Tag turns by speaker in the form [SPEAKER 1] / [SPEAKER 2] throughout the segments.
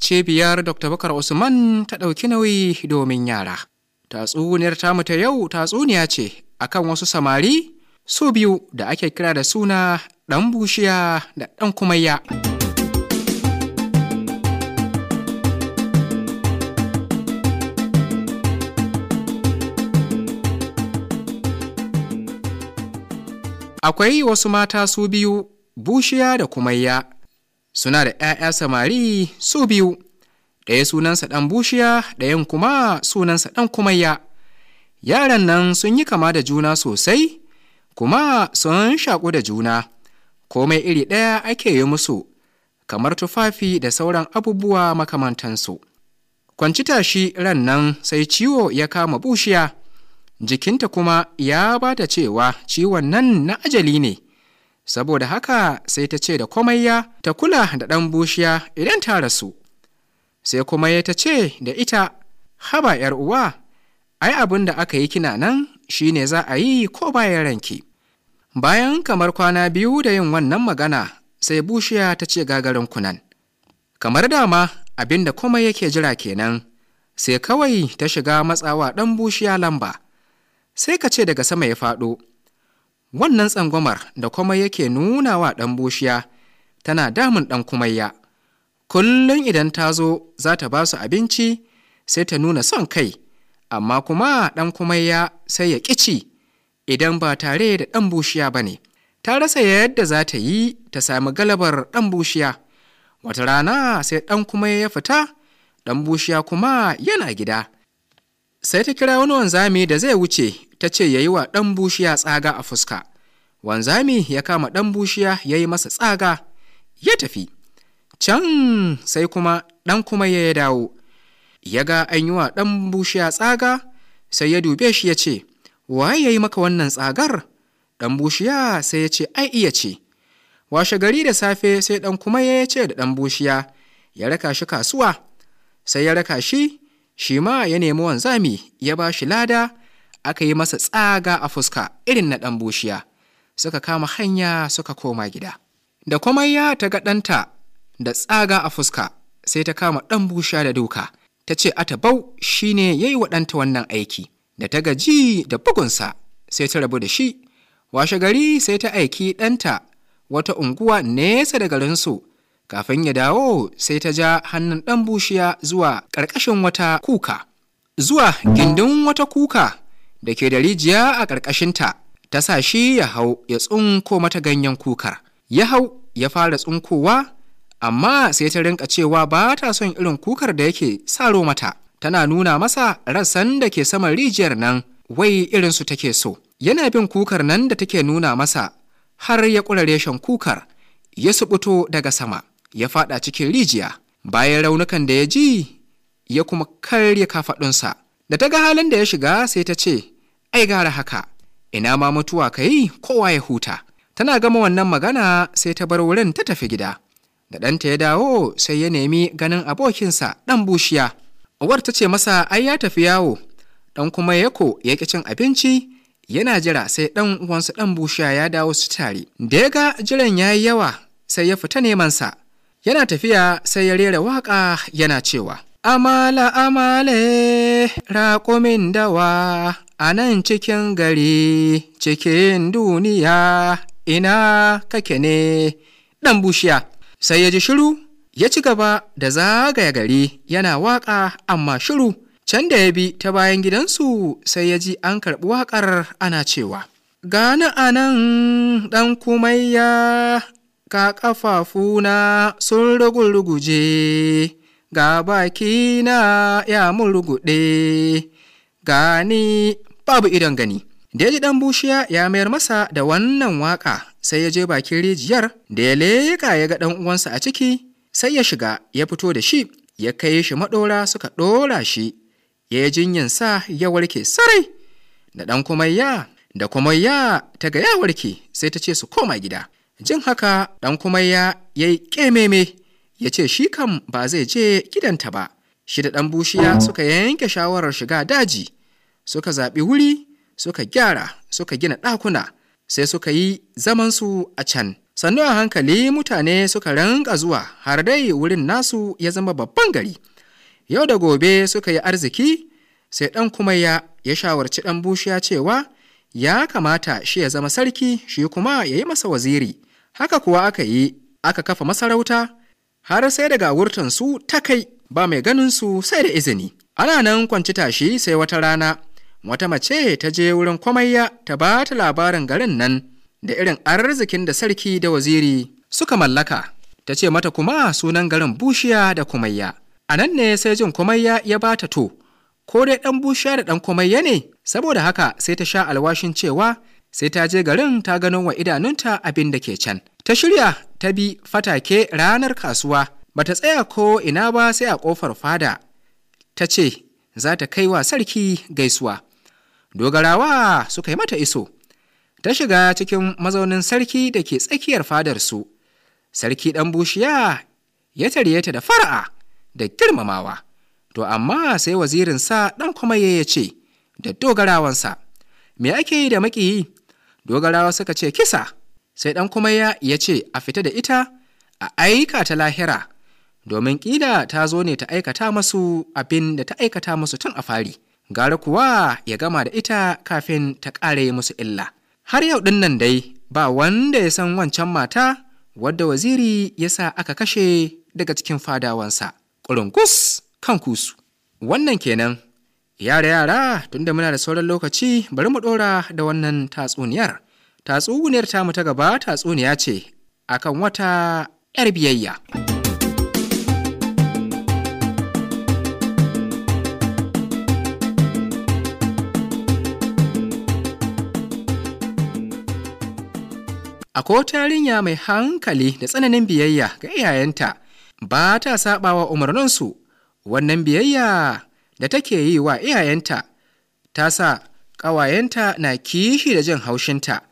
[SPEAKER 1] cibiyar dr bakar usman ta ɗauki nauyi domin yara tatsuniyar tamu ta yau tatsuniya ce akan wasu samari su biyu da ake kira da suna ɗan bushiya da ɗan kumayya akwai wasu mata su biyu bushiya da kumayya suna da ‘ya'ya samari su biyu ɗaya sunansa ɗan bushiya ɗayan kuma sunansa ɗan kumayya yaran nan sun yi kama da juna sosai kuma sun shaƙu da juna komai iri ɗaya ake yi musu kamar tufafi da sauran abubuwa makamantansu kwanci tashi ran nan sai ciwo ya kama bushiya jikinta kuma ya ba da cewa ciwon nan na ajali ne saboda haka sai ta ce da komayya ta kula da ɗan bushiya idan ta rasu sai kuma ya ta ce da ita haba yar uwa ai abin da aka yi kina nan shi ne za a yi ko bayan ranki bayan kamar kwana biyu da yin wannan magana sai bushiya ta ce gagarin kunan kamar dama abin da komai yake jira kenan sai kawai ta shiga matsawa ɗan bushiya lamba sai ka ce daga sama ya faɗo wannan tsangwamar da kuma yake nuna wa ɗan bushiya tana damun ɗan kumayya kullum idan ta zo za ta ba su abinci sai ta nuna son kai amma kuma ɗan kumayya sai ya ƙici idan ba tare da ɗan bushiya ba ne ta rasa yadda za ta yi ta sami galabar ɗan bushiya wata rana sai ɗan kumayya ya fita ɗan bushiya kuma yana gida sai ta kira wani wanzami da zai wuce ta ce ya yi wa ɗan bushiya tsaga a fuska wanzami ya kama ɗan bushiya ya yi masa tsaga ya tafi can sai kuma ɗan kuma ya dawo ya ga an yi wa ɗan bushiya tsaga sai ya dube shi ya ce waye ya yi maka wannan tsagar ɗan bushiya sai ya ce ai iya ce washe gari da safe sai ɗan kuma ya ce da ɗan bushiya ya raka shi kasuwa sai ya raka shi shi ma ya nemi wanzami ya ba shi lada aka yi masa tsaga a fuska irin na ɗan bushiya suka kama hanya suka koma gida da ya ta ga ɗanta da tsaga a fuska sai ta kama ɗan bushiya da duka ta ce atabau shi ne ya yi wa ɗanta wannan aiki da ta gaji da bugunsa sai ta rabu da shi washe gari sai ta aiki ɗanta wata unguwa nesa da garinsu kafin ya dawo sai ta ja hannun ɗan bushiya zuwa ƙarƙashin wata kuka zuwa gindin wata kuka da ke da rijiya a ƙarƙashinta ta sa shi ya hau ya tsunko mata ganyen kukar ya hau ya fara tsunkowa amma sai ta rinka cewa ba ta son irin kukar da yake saro mata tana nuna masa rassan da ke saman rijiyar nan wai irin su take so yana bin kukar nan da take nuna masa har ya ƙura reshen kukar ya subuto daga sama ya faɗa cikin rijiya bayan raunukan da ya ji ya kuma karya kafaɗunsa da ta ga halin da ya shiga sai ta ce ai gara haka ina ma mutuwa ka yi kowa ya huta tana gama wannan magana sai ta bar wurin ta tafi gida da ɗanta ya dawo sai ya nemi ganin abokinsa ɗan bushiya uwar ta ce masa ai ya tafi yawo ɗan kuma yako ya ƙi cin abinci yana jira sai ɗan uwansa ɗan bushiya ya dawo su tare da ya ga jiran ya yi yawa sai ya fita neman sa yana tafiya sai ya rera waƙa yana cewa amala amale raƙumin dawa a nan cikin gari cikin duniya ina kake ne ɗan bushiya sai ya ji shiru ya ci gaba da zagaya gari yana waƙa amma shiru can da ya bi ta bayan gidansu sai ya ji an karɓi waƙar ana cewa gani a nan ɗan kumayya ka ƙafafuna sun ruguje, ga bakina ya ruguɗe gani babu idon gani da ya dan bushiya ya mayar masa da wannan waka sai ya je bakin rijiyar da ya leƙa ya ga dan uwansa a ciki sai ya shiga ya fito da shi ya kai shi maɗora suka ɗora shi ya yi sa ya warke sarai da ɗan kumayya da kumayya ta ga ya warke sai ta ce su koma gida jin haka ɗan kumayya ya yi ƙememe ya ce shi kam ba zai je gidanta ba shi da ɗan bushiya suka yanke shawarar shiga daji suka zaɓi wuri suka gyara suka gina ɗakuna sai suka yi zamansu a can sannu a hankali mutane suka ranka zuwa har dai wurin nasu ya zama babban gari yau da gobe suka yi arziki sai ɗan kuma ya ya shawarci ɗan bushiya cewa ya kamata shi ya zama sarki shi kuma ya yi masa waziri haka kuwa aka yi aka kafa masarauta har sai daga wurtansu ta kai ba mai ganin su sai da izini ana nan kwanci tashi sai wata rana wata mace ta je wurin kwamayya ta ba ta labarin garin nan da irin arzikin da sarki da waziri suka mallaka ta ce mata kuma sunan garin bushiya da kumayya a nan ne sai jin kwamayya ya ba ta to ko dai ɗan bushiya da ɗan kwamayya ne saboda haka sai ta sha alwashin cewa sai ta je garin ta gano wa idanunta abin da ke can ta shirya ta bi fatake ranar kasuwa bata tsaya ko ina ba sai a ƙofar fada ta ce za ta kai wa sarki gaisuwa dogarawa suka yi mata iso ta shiga cikin mazaunin sarki da ke tsakiyar fadarsu sarki ɗan bushiya ya tarye ta da fara'a da girmamawa to amma sai wazirinsa ɗan kuma ya ce da dogarawansa me ake yi da maƙiyi dogarawa suka ce kisa sai ɗan kwamaye ya ce a fita da ita a aika ta lahira domin ƙila ta zo ne ta aikata masu abin da ta aikata masu tun a fari gara kuwa ya gama da ita kafin ta ƙare musu illa har yau ɗin nan dai ba wanda ya san wancan mata wadda waziri ya sa aka kashe daga cikin fadawansa ƙulunkus kan kusu wannan kenan yara yara tunda muna da sauran lokaci bari mu ɗora da wannan tatsuniyar tatsuniyar tamu ta gaba tatsuniya ce akan wata 'yar biyayya. Ako wata mai hankali da tsananin biyayya ga iyayenta ba ta wa umarninsu wannan biyayya da take yi wa iyayenta ta sa ƙawayenta na kishi da jin haushinta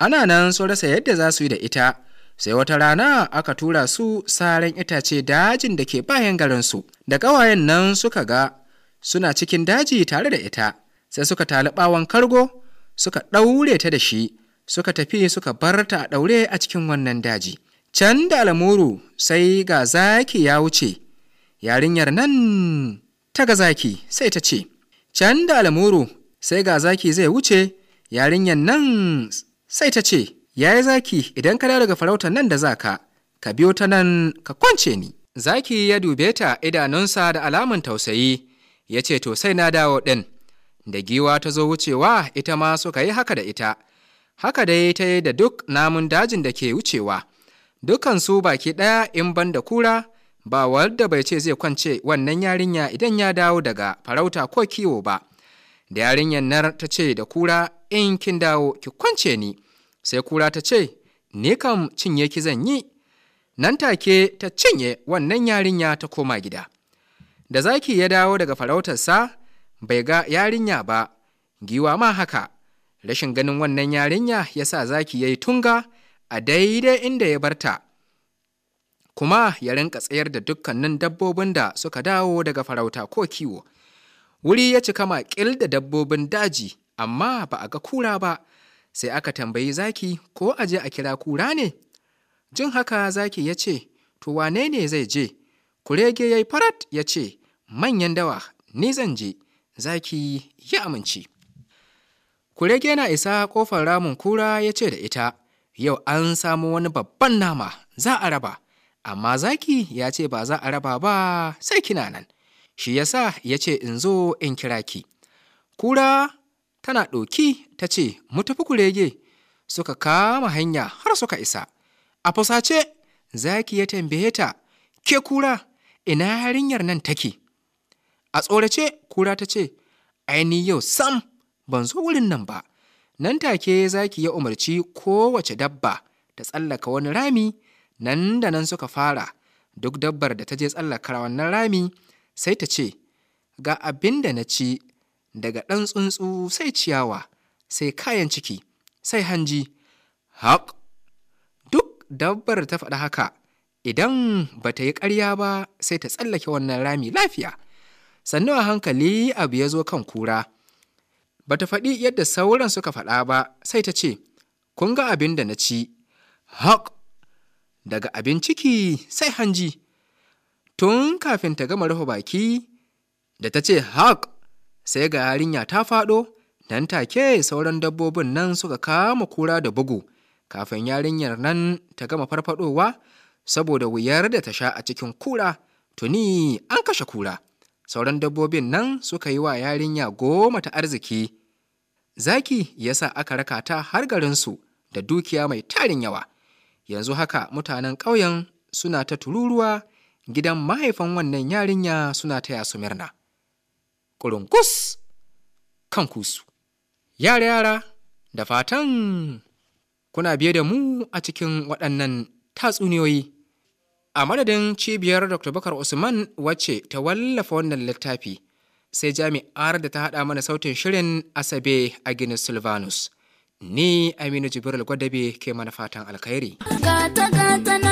[SPEAKER 1] ana nan sun rasa yadda za su yi da ita sai wata rana aka tura su saran itace dajin da ke bayan garinsu da ƙawayen nan suka ga suna cikin daji tare da ita sai suka tali kargo suka ɗaure ta da shi suka tafi suka bar ta a ɗaure a cikin wannan daji can da almuru sai ga zaki ya wuce yarinyar nan ta ga zaki sai ta ce can da almuru sai ga zaki zai wuce yarinyar nan sai ta ce Ya yi zaki idan ka daga farautar nan da zaka ka biyo ta nan ka kwance ni zaki ya dube ta idanunsa da alamun tausayi ya ce to sai na dawo ɗin da giwa ta zo wucewa ita ma suka yi haka da ita haka dai ta yi da duk namun dajin da ke wucewa dukansu baki ɗaya in ban da kura ba wadda bai ce zai kwance wannan yarinya idan ya dawo daga farauta ko kiwo ba da yarinyar nar ta ce da kura in kin dawo ki kwance ni sai kura ta ce ni kam cinye ki zan yi nan take ta cinye wannan yarinya ta koma gida da zaki ya dawo daga farautarsa bai ga yarinya ba giwa ma haka rashin ganin wannan yarinya ya sa zaki ya yi tunga a daidai inda ya barta kuma ya rinka tsayar da dukkanin dabbobin da suka dawo daga farauta ko kiwo wuri ya cika makil da dabbobin daji amma ba a ga kura ba sai aka tambayi zaki ko a je a kira kura ne jin haka zaki ya ce to wane ne zai je kurege ya yi farat ya ce manyan dawa ni zan je zaki ya amince kurege na isa ƙofar ramin kura ya ce da ita yau an samu wani babban nama za a raba amma zaki ya ce ba za a raba ba sai kina nan shi ya sa, ya ce in zo in kira ki kura tana ɗoki ta ce mu tafi kurege suka kama hanya har suka isa a fusace zaki ya tambaye ta ke kura ina yarinyar nan take a tsorace kura ta ce aini yau sam ban zo wurin nan ba nan take ki ya umarci kowace dabba ta tsallaka wani rami nan da nan suka fara duk dabbar da ta je tsallaka wannan rami sai ta ce ga abin da na ci daga ɗan tsuntsu sai ciyawa sai kayan ciki sai hanji haƙ duk dabbar ta faɗa haka idan ba ta yi ƙarya ba sai ta tsallake wannan rami lafiya sannu a hankali abu ya zo kan kura Ba ta faɗi yadda sauran suka faɗa ba sai ta ce, Kun ga abin da na ci, haƙ daga abin ciki sai hanji. Tun kafin ta gama rufe baki da ta ce haƙ sai ga yarinya ta faɗo, nan take sauran dabbobin nan suka kama kura da bugu kafin yarinyar nan ta gama farfadowa saboda wuyar da ta sha a cikin kura tuni an kashe kura. sauran dabbobin nan suka yi wa yarinya goma ta arziki zaki ya sa aka raka ta har garinsu da dukiya mai tarin yawa yanzu haka mutanen ƙauyen suna ta tururuwa gidan mahaifan wannan yarinya suna ta yasu murna kurunkus kan kusu yara yara da fatan kuna biye da mu a cikin waɗannan tatsuniyoyi a madadin cibiyar dr bakar usman wacce ta wallafa wannan littafi sai jami'ar da ta haɗa mana sautin shirin asabe a ginin silvanus ni aminu jibril gwadabe ke mana fatan alkhairi gata gata